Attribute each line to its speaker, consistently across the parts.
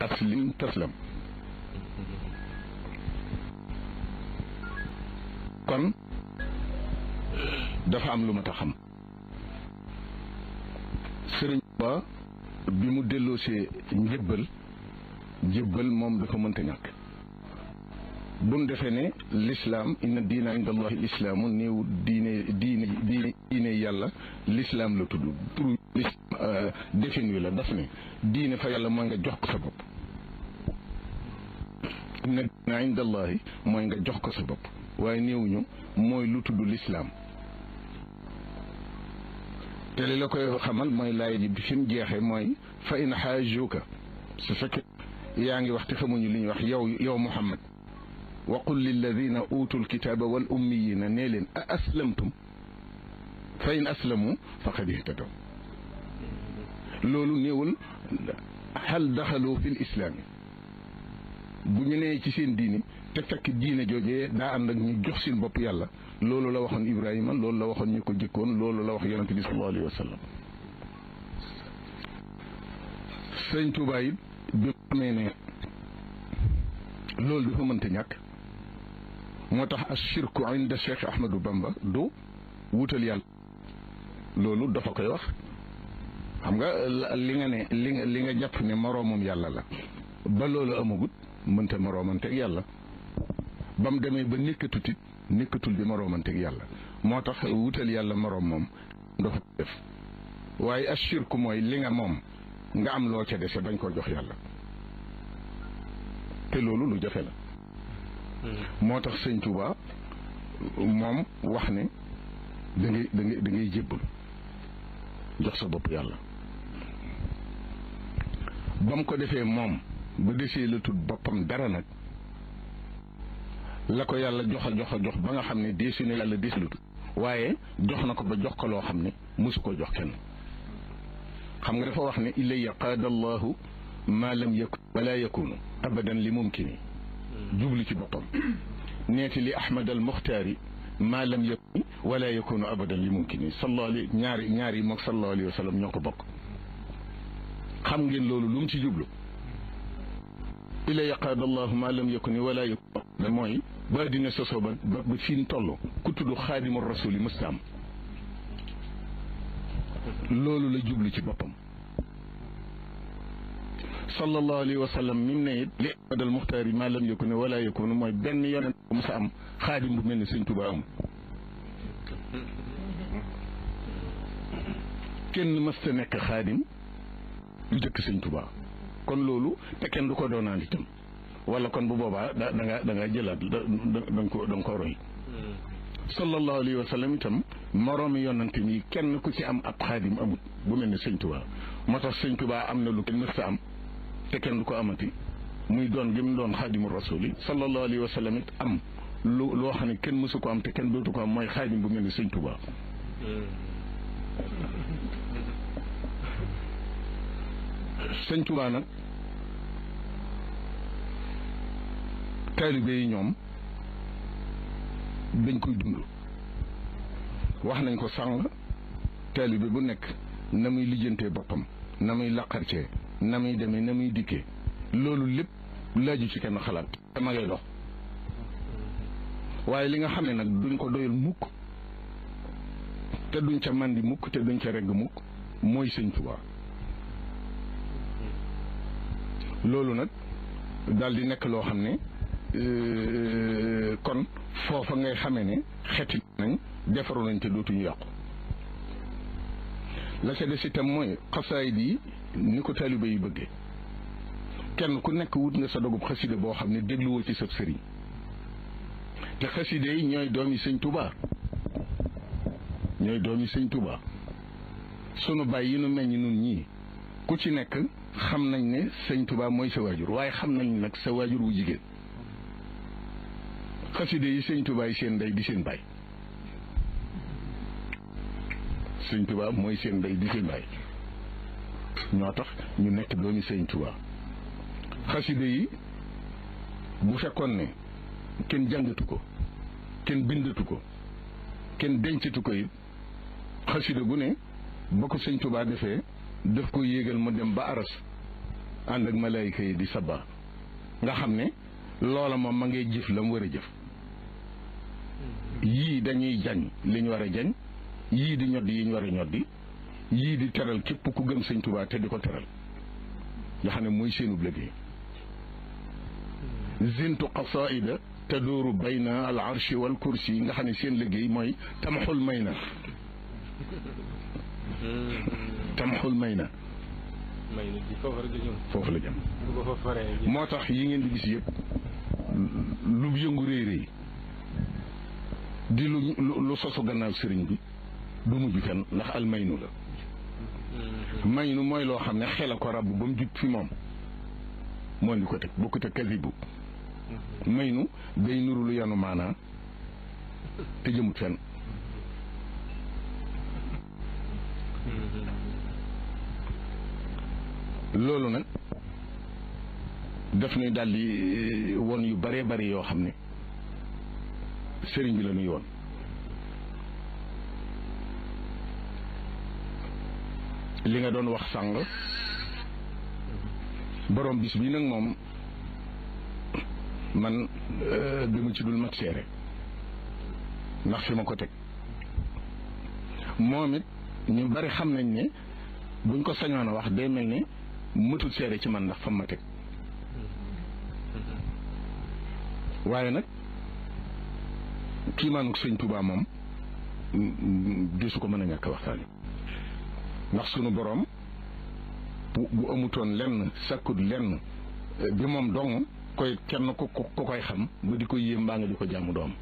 Speaker 1: aslim taslam kon dafa am lu ma ta xam ba bi mu delloosee njëbbal njëbbal moom dafa mënta ñàkk buñ defee ne l'islam inna diina inda allahi l'islaamu néew diine diine diine diine yàlla l'islam la tudd turu l'islam defin wi la daf ne diine fa yàlla mooy nga jox ko sa bopp inna diina inda allahi mooy nga jox ko sa bopp waaye néewuñu mooy lu tudd l'islam te li la koy xamal mooy laay ji bi fi mu jeexee mooy fa in xaajuka su fekkee yaa ngi wax te xamuñu li ñuy wax yow yow Muhammad وقل للذين أوتوا الكتاب والأميين نيل أأسلمتم فإن أسلموا فقد اهتدوا لولو نيول هل دخلوا في الإسلام بني نيتي سين ديني تفك دين جوجي دا عندك ني جوخ سين بوب يالا لولو لا وخون ابراهيم لولو لا وخون نيكو جيكون لولو لا وخ يونس صلى الله عليه وسلم سين توبايب بيمني لولو دا فا مانتي moo tax as shirku inda Cheikh Ahmadou Bamba du wutal yàlla loolu dafa koy wax xam nga li nga ne li nga li nga jàpp ne moroomum yàlla la ba loolu amagut mënta moroomanteeg yàlla ba mu demee ba nekkatutit nekkatul bi moroomanteeg yàlla moo tax wutal yàlla moroom moom dafa def waaye as shirku mooy li nga moom nga am loo ca dese dañ koo jox yàlla te loolu lu jafe la moo tax sëñ Touba moom wax ne da ngay da ngay jox sa bopp yàlla ba mu ko defee moom ba desee la tudd boppam dara nag la ko yàlla joxa joxa jox ba nga xam ne deesu ne yàlla deesu lu tudd waaye jox na ko ba jox ko loo xam ne mosu ko jox kenn xam nga dafa wax ne ilaya qaada allahu ma lam yakun wala yakunu abadan li mumkini جملة بطل نيتي لأحمد المختاري ما لم يكن ولا يكون أبدا لممكن صلى الله عليه نياري نياري مك صلى الله عليه وسلم نيوكو بك خم جن لولو لومتي جبلو إلا يقاد الله ما لم يكن ولا يكون أبدا موي بادي نسوسو بفين طلو كتلو خادم الرسول مسلم لولو لجبلو تي بطل صلى الله عليه وسلم من نيت لأحد المختار ما لم يكن ولا يكون ما بين يانا مسام خادم من سنتو باهم كن مستنك خادم يجك سنتو باهم كن لولو تكن دوكو دونان لتم ولا كن بوبا دنغا جلال دنكو دنكو روي صلى الله عليه وسلم تم مرام يونانتي كن كوتي ام اب خادم ام بومن سنتو باهم متى سنتو باهم نلوك مسام te kenn du ko amati muy doon gi doon xaadimu rasuli sallallahu alayhi wa sallam it am lu loo xam ne kenn mësu ko am kenn dootu ko mooy xaadim bu mel ni sëñ Tuubaa sëñ Tuubaa nag ñoom dañ koy dund wax nañ ko sànq taalibe bu nekk na muy lijjantee boppam na muy laqarcee na muy demee na muy dikkee loolu lépp laaju ci kenn xalaat dama ngay dox waaye li nga xam ne nag duñ ko doyal mukk te duñ ca màndi mukk te duñ ca regg mukk mooy sëñ Tuubaa loolu nag daldi di nekk loo xam ne euh, kon foofa ngay xamee ne xetti nañ defaru nañ te dootuñu yàqu la ca des itam mooy xasaayid yi ni ko taalibe yi bëggee kenn ku nekk wut nga sa dogub xaside boo xam ne dégluwoo ci saf sëriñ te xaside yi ñooy doom yi sëñ tubaa ñooy doom yi sëñ tubaa sunu bàyyi yi nu meññ nun ñii ku ci nekk xam nañ ne sëñ tubaa mooy sa waajur waaye xam nañ nag sa waajur wu jigéen xaside yi sëñ tubaa yi seen ndey di seen bàyyi sëñ Tuubaa mooy seen ndey di seen baay ñoo tax ñu nekk doomi sëñ Tuubaa xasida yi bu fekkoon ne kenn jàngatu ko kenn bindatu ko kenn dencatu ko yi xasida gu ne ba ko sëñ Tuubaa defee daf ko yéegal ma dem ba aras ànd ak malaayika yi di sabaa nga xam ne loola moom ma ngay jëf la mu war a jëf yii dañuy jañ liñ war a jañ yii di ñoddi yi war a ñoddi yii di teral képp ku gën sëñ Tuubaa te di ko teral nga xam ne mooy seenub liggéey zintu te tadooru bayna al arshi wal kursi nga xam ne seen liggéey mooy tamxul may na tamxul may na foofu la jëm moo tax yi ngeen di gis yépp lu yëngu réy réy di lu lu sosu gannaaw sëriñ bi du mujj fenn ndax almaynu la mm-hmm. maynu mooy loo xam ne xel a ko rab ba mu jub fi moom mooy ñu ko teg bokkut ak kasibu mm-hmm. maynu day nuru lu yanu maanaa te jëmut fenn mm-hmm. loolu nag def nañ daldi eh, won yu bare bare yoo xam ne sëriñ bi la ñuy woon li nga doon wax sàng borom bis bi nag moom man euh, dama ci dul mat seere ndax fi ma ko teg moom it ñu bari xam nañ ni buñ ko sañoon a wax day mel ni mëtul seere ci man ndax fam ma teg waaye nag kii maanuk sëñ Tuubaa moom gisu ko mën a ñàkk waxtaani ndax sunu boroom bu bu amutoon lenn sàkkut lenn eh, bi moom dong koy kenn ku ku koy xam ba di ko yéem mbaa nga di ko jaamu doom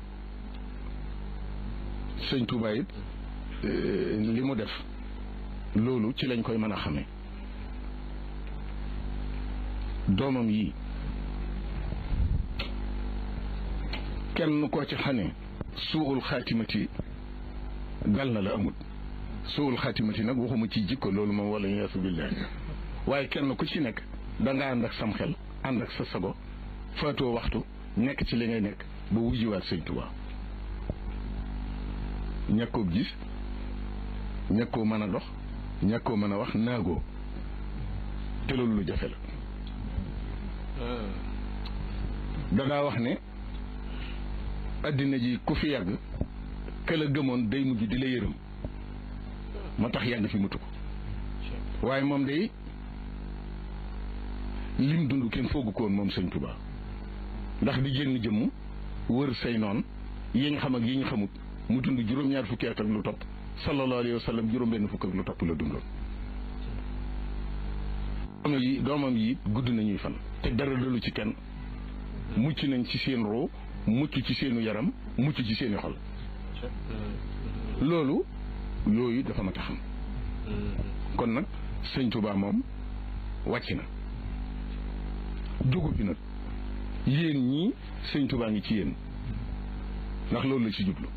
Speaker 1: sëñ Tuubaa eh, li mu def loolu ci lañ koy mën a xame doomam yi kenn koo ci xane suuxul xaatimati dal na la amut suul xatimati nag waxuma ci jikko loolu moom wala yaasu billahi waaye kenn ku ci nekk danga nga ànd ak sam xel ànd ak sa sago faatoo waxtu nekk ci li ngay nekk ba wujjiwaat sëñ Tuubaa ji gis ñàkkoo mën a dox ñàkkoo mën a wax naagoo te loolu lu jafe la dangaa wax ne àddina ji ku fi yàgg kël a gëmoon day mujj di la yërëm moo tax yàgg fi mutu ko waaye moom day lim dund kenn foogu ko moom sëñ Tuubaa ndax di jénn jëmm wër say noon yi nga xam ak yi ñu xamut mu dund juróom-ñaar fukki at ak lu topp sallallahu alayhi wa juróom-benn fukk ak lu topp la dundoon doomam yi doomam yi gudd nañuy fan te dara dalu ci kenn mucc nañ ci seen ruu mucc ci seenu yaram mucc ci seeni xol loolu yooyu dafa mat a mm-hmm. kon nag sëñ Tuubaa moom wàcc na jógu fi nag yéen ñii sëñ Tuubaa ngi ci yéen ndax loolu la ci jublu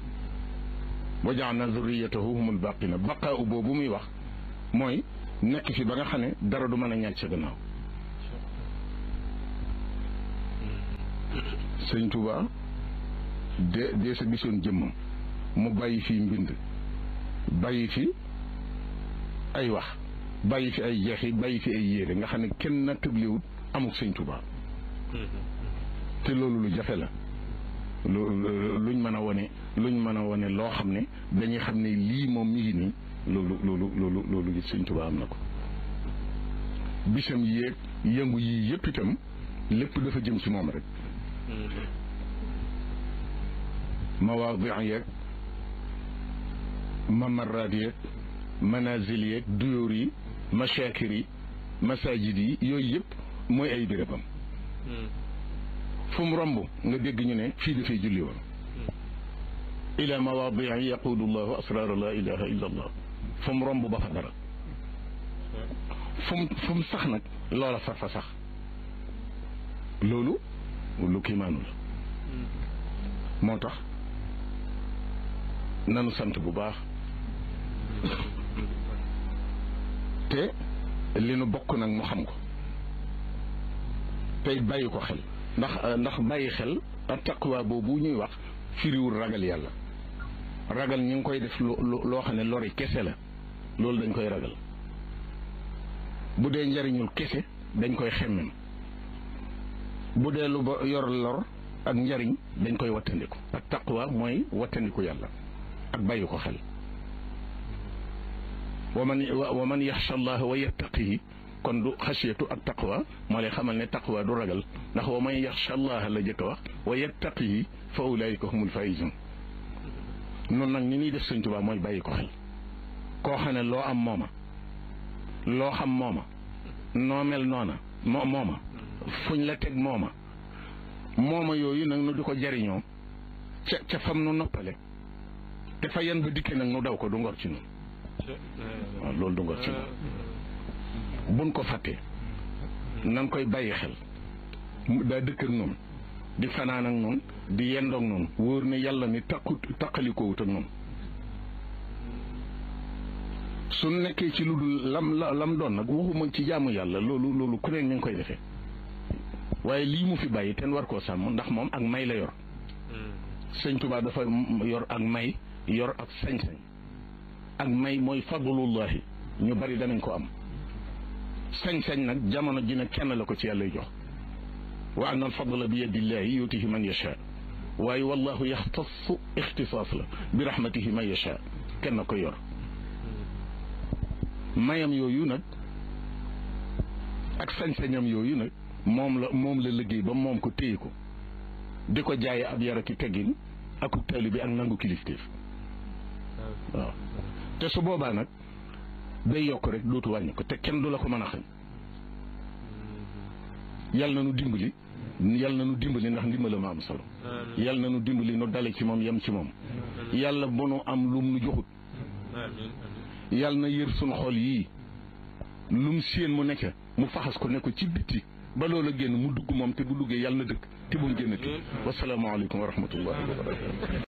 Speaker 1: wa jaana zurriyatahu humul baqina baqaaw bu muy wax mooy nekk fi ba nga xam ne dara du mën a ñàcc sa gannaaw mm-hmm. sëñ Tuubaa de dee sa gisoon jëmmam mu bàyyi fii mbind bàyyi fi ay wax bàyyi fi ay jeexi bàyyi fi ay yéere nga xam ne kenn na tëbliwut amul sëñ Tuubaa te loolu lu jafe la luñ mën a wane luñ mën a wane loo xam ne dañuy xam ne lii moom mi ngi nii loolu loolu loolu loolu gi sëñ am na ko bisam yéeg yëngu yii yëpp itam lépp dafa jëm si moom rek mm-hmm. mawaadi yeeg mamaraat yeeg manazil yeeg duyóor yi machakir yi masajid yi yooyu yëpp mooy ay bérébam hmm. fu mu romb nga dégg ñu ne fii dafay julli woon hmm. ila mawaadii yaquudu llahu asraara la ilaha illa allah fu mu romb ba fa dara hmm. fu mu fu mu sax nag loola far fa sax loolu lu kiimaanu la moo tax nanu sant bu baax te li nu bokk nag mu xam ko tey bàyyi ko xel ndax euh, ndax bàyyi xel taqwa boobu ñuy wax firiwul ragal yàlla ragal ñu ngi koy def loo xam ne lori kese la loolu dañ koy ragal bu dee njariñul kese dañ koy xemmem bu dee lu ba yor lor ak njariñ dañ koy wattandiku ak taqwa mooy wattandiku yàlla ak bàyyi ko xel ومن ومن يخشى الله ويتقيه كون دو خشيه التقوى مالي خمال ني تقوى دو راغال نخو من يخشى الله لا جيك واخ ويتقيه فاولئك هم الفائزون نون نك ني ني ديف سنتو با موي باي كو خي كو خاني لو ام موما لو خام موما نوميل نونا موما فوج لا تك موما موما يوي نك نو ديكو جاريño ci fam nu noppale te fa yan bi dikke nak nu daw ko du ngor ci waaw loolu du ngor ci moom ko fàttee nan koy bàyyi xel daa dëkk ak noonu di fanaan ak noonu di yendoog noonu wóor ne yàlla mi takku takkalikoowut ak noonu su nekkee ci lu dul lam lam doon nag waxuma ci jaamu yàlla loolu loolu ku ne nga koy defee waaye lii mu fi bàyyi ten war koo sàmm ndax moom ak may la yor hmm. sëñ Tuubaa dafa yor ak may yor ak sañ-sañ ak may moy fadlullah ñu bari dañ ko am sañ-sañ nak jamono ji ne kenn lako ci yàlla jox wa anna alfadla bi yadillahi yutihi man yasha wa ay wallahu yahtass ixtisaas la bi rahmatihi man yasha kenn ko yor mayam yoyu nak ak sañ-sañam yoyu nak mom la mom la liggey ba mom ko teyiko diko jaay ab yar teggin akub talibi ak nangu kilifteef waaw te su boobaa nag day yokk rek dootu wàññi ko te kenn du la ko mën a xañ yal na nu dimbali yal na nu dimbali ndax ndimbala ma am solo yal na nu dimbali nu dale ci moom yem ci moom yàlla bu nu am lu nu joxut yal na yër suñ xol yii mu séen mu nekk mu faxas ko ne ko ci bitti ba loola génn mu dugg moom te bu duggee yàlla na dëkk te bu mu génn ti wassalaamu aleykum wa rahmatullahi wa